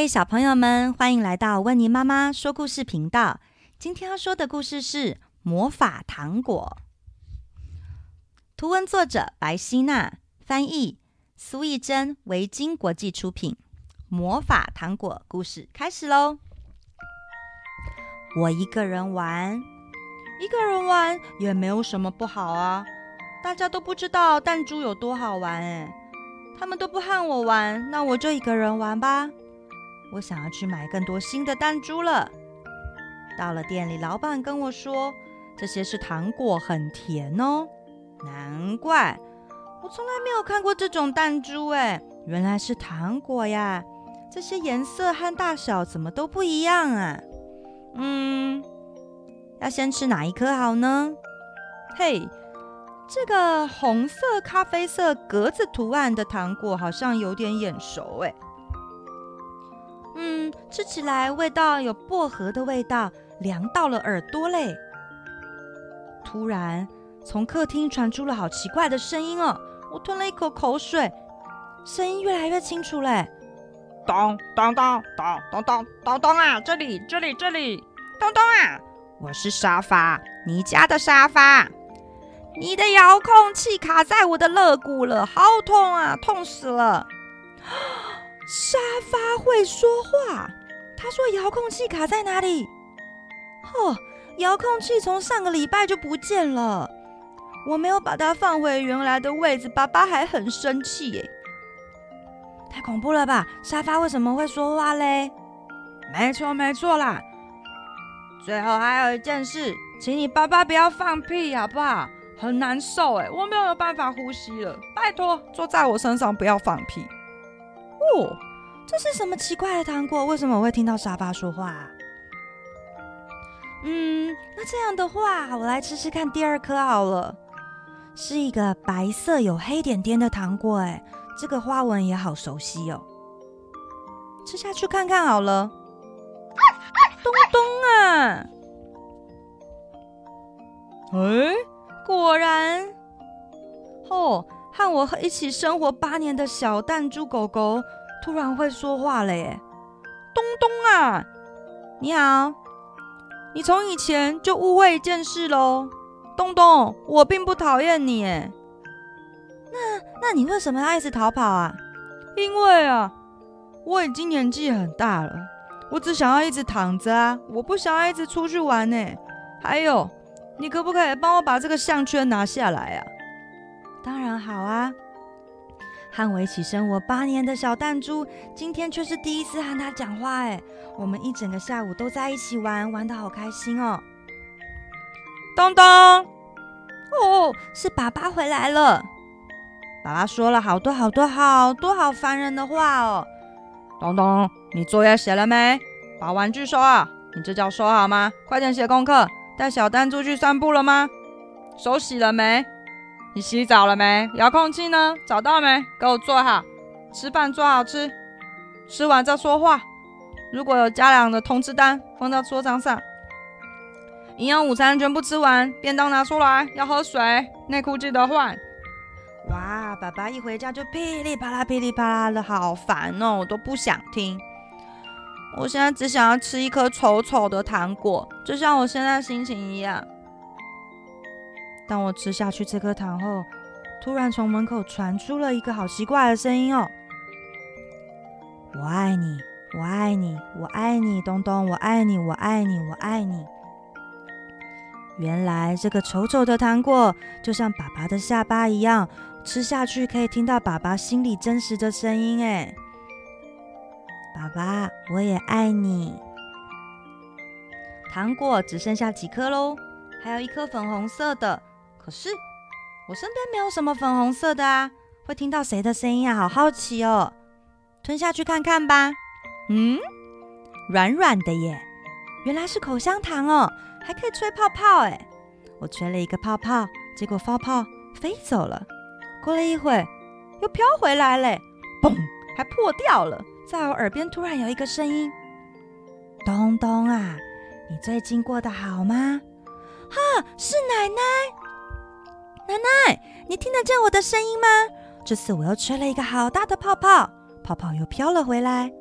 Hey, 小朋友們，歡迎來到溫妮媽媽說故事頻道。今天要說的故事是《魔法糖果》。圖文作者白希那，翻譯蘇懿禎，維京國際出品。《魔法糖果》故事開始嘍！ 我一個人玩，一個人玩也沒有什麼不好啊。大家都不知道彈珠有多好玩誒、欸。他們都不和我玩，那我就一個人玩吧。我想要去買更多新的彈珠了。到了店裡，老闆跟我說：“這些是糖果，很甜哦。”難怪，我從來沒有看過這種彈珠誒，原來是糖果呀！這些顏色和大小怎麼都不一樣啊？嗯，要先吃哪一顆好呢？嘿，這個紅色咖啡色格子圖案的糖果好像有點眼熟誒。吃起來味道有薄荷的味道，涼到了耳朵嘞。突然從客廳傳出了好奇怪的聲音哦，我吞了一口口水，聲音越來越清楚嘞。咚咚咚咚咚咚咚咚啊！這裡這裡這裡，咚咚啊！我是沙發，你家的沙發，你的遙控器卡在我的肋骨了，好痛啊，痛死了！沙發會說話。他說遙控器卡在哪裡？呵，遙控器從上個禮拜就不見了，我沒有把它放回原來的位置，爸爸還很生氣耶。太恐怖了吧？沙發為什麼會說話嘞？沒錯，沒錯啦。最後還有一件事，請你爸爸不要放屁好不好？很難受哎，我沒有辦法呼吸了，拜託，坐在我身上不要放屁。哦。這是什麼奇怪的糖果？為什麼我會聽到沙發說話，啊？嗯，那這樣的話，我來吃吃看第二顆好了。是一個白色有黑點點的糖果，哎，這個花紋也好熟悉哦、喔。吃下去看看好了。咚咚啊！哎、欸，果然，哦，和我一起生活八年的小彈珠狗狗。突然會說話了耶，東東啊，你好，你從以前就誤會一件事嘍，東東，我並不討厭你誒。那那你為什麼要一直逃跑啊？因為啊，我已經年紀很大了，我只想要一直躺着啊，我不想要一直出去玩呢。還有，你可不可以幫我把這個項圈拿下來啊？當然好啊。和我一起生活八年的小彈珠，今天卻是第一次和他講話、欸。哎，我們一整個下午都在一起玩，玩得好開心哦、喔！咚咚，哦，是爸爸回來了。爸爸說了好多好多好多好煩人的話哦、喔。咚咚，你作業寫了沒？把玩具收好！你這叫收好嗎？快點寫功課。帶小彈珠去散步了嗎？手洗了沒？你洗澡了沒？遙控器呢？找到沒？給我坐好，吃飯坐好吃，吃完再說話。如果有家長的通知單，放到桌上。營養午餐全部吃完，便當拿出來。要喝水，內褲記得換。哇，爸爸一回家就噼里啪啦噼里啪啦的，好煩哦！我都不想聽。我現在只想要吃一顆醜丑的糖果，就像我現在心情一樣。當我吃下去這顆糖後，突然從門口傳出了一個好奇怪的聲音哦、喔！我愛你，我愛你，我愛你，東東，我愛你，我愛你，我愛你。原來這個醜丑的糖果就像爸爸的下巴一樣，吃下去可以聽到爸爸心裡真實的聲音誒，爸爸，我也愛你。糖果只剩下幾顆嘍，還有一顆粉紅色的。可是我身邊沒有什麼粉紅色的啊，會聽到誰的聲音啊？好好奇哦，吞下去看看吧。嗯，軟軟的耶，原來是口香糖哦，還可以吹泡泡誒。我吹了一個泡泡，結果泡泡飛走了。過了一會，又飄回來嘞，嘣，還破掉了。在我耳邊突然有一個聲音：“東東啊，你最近過得好嗎？”你聽得見我的聲音嗎？這次我又吹了一個好大的泡泡，泡泡又飄了回來，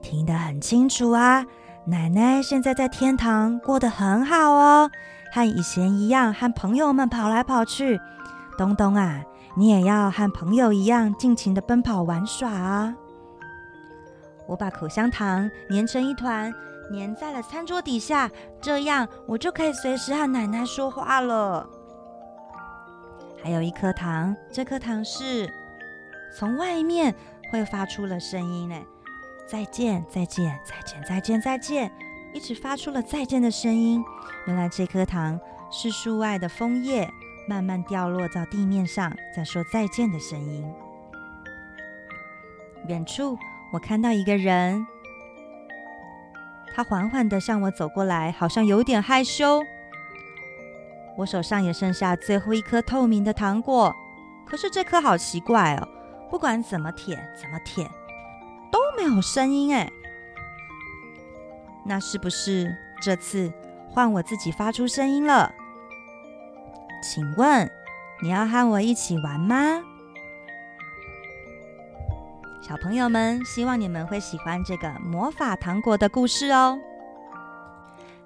聽得很清楚啊！奶奶現在在天堂過得很好哦，和以前一樣，和朋友們跑來跑去。東東啊，你也要和朋友一樣，盡情地奔跑玩耍啊，哦！我把口香糖粘成一團，粘在了餐桌底下，這樣我就可以隨時和奶奶說話了。還有一顆糖。這顆糖是從外面會發出了聲音呢，再見，再見，再見，再見，再見，一直發出了再見的聲音。原來這顆糖是樹外的楓葉，慢慢掉落到地面上，在說再見的聲音。遠處我看到一個人，他緩緩的向我走過來，好像有點害羞。我手上也剩下最後一顆透明的糖果，可是這顆好奇怪哦，不管怎麼舔，怎麼舔都沒有聲音哎。那是不是這次換我自己發出聲音了？請問你要和我一起玩嗎？小朋友們，希望你們會喜歡這個魔法糖果的故事哦。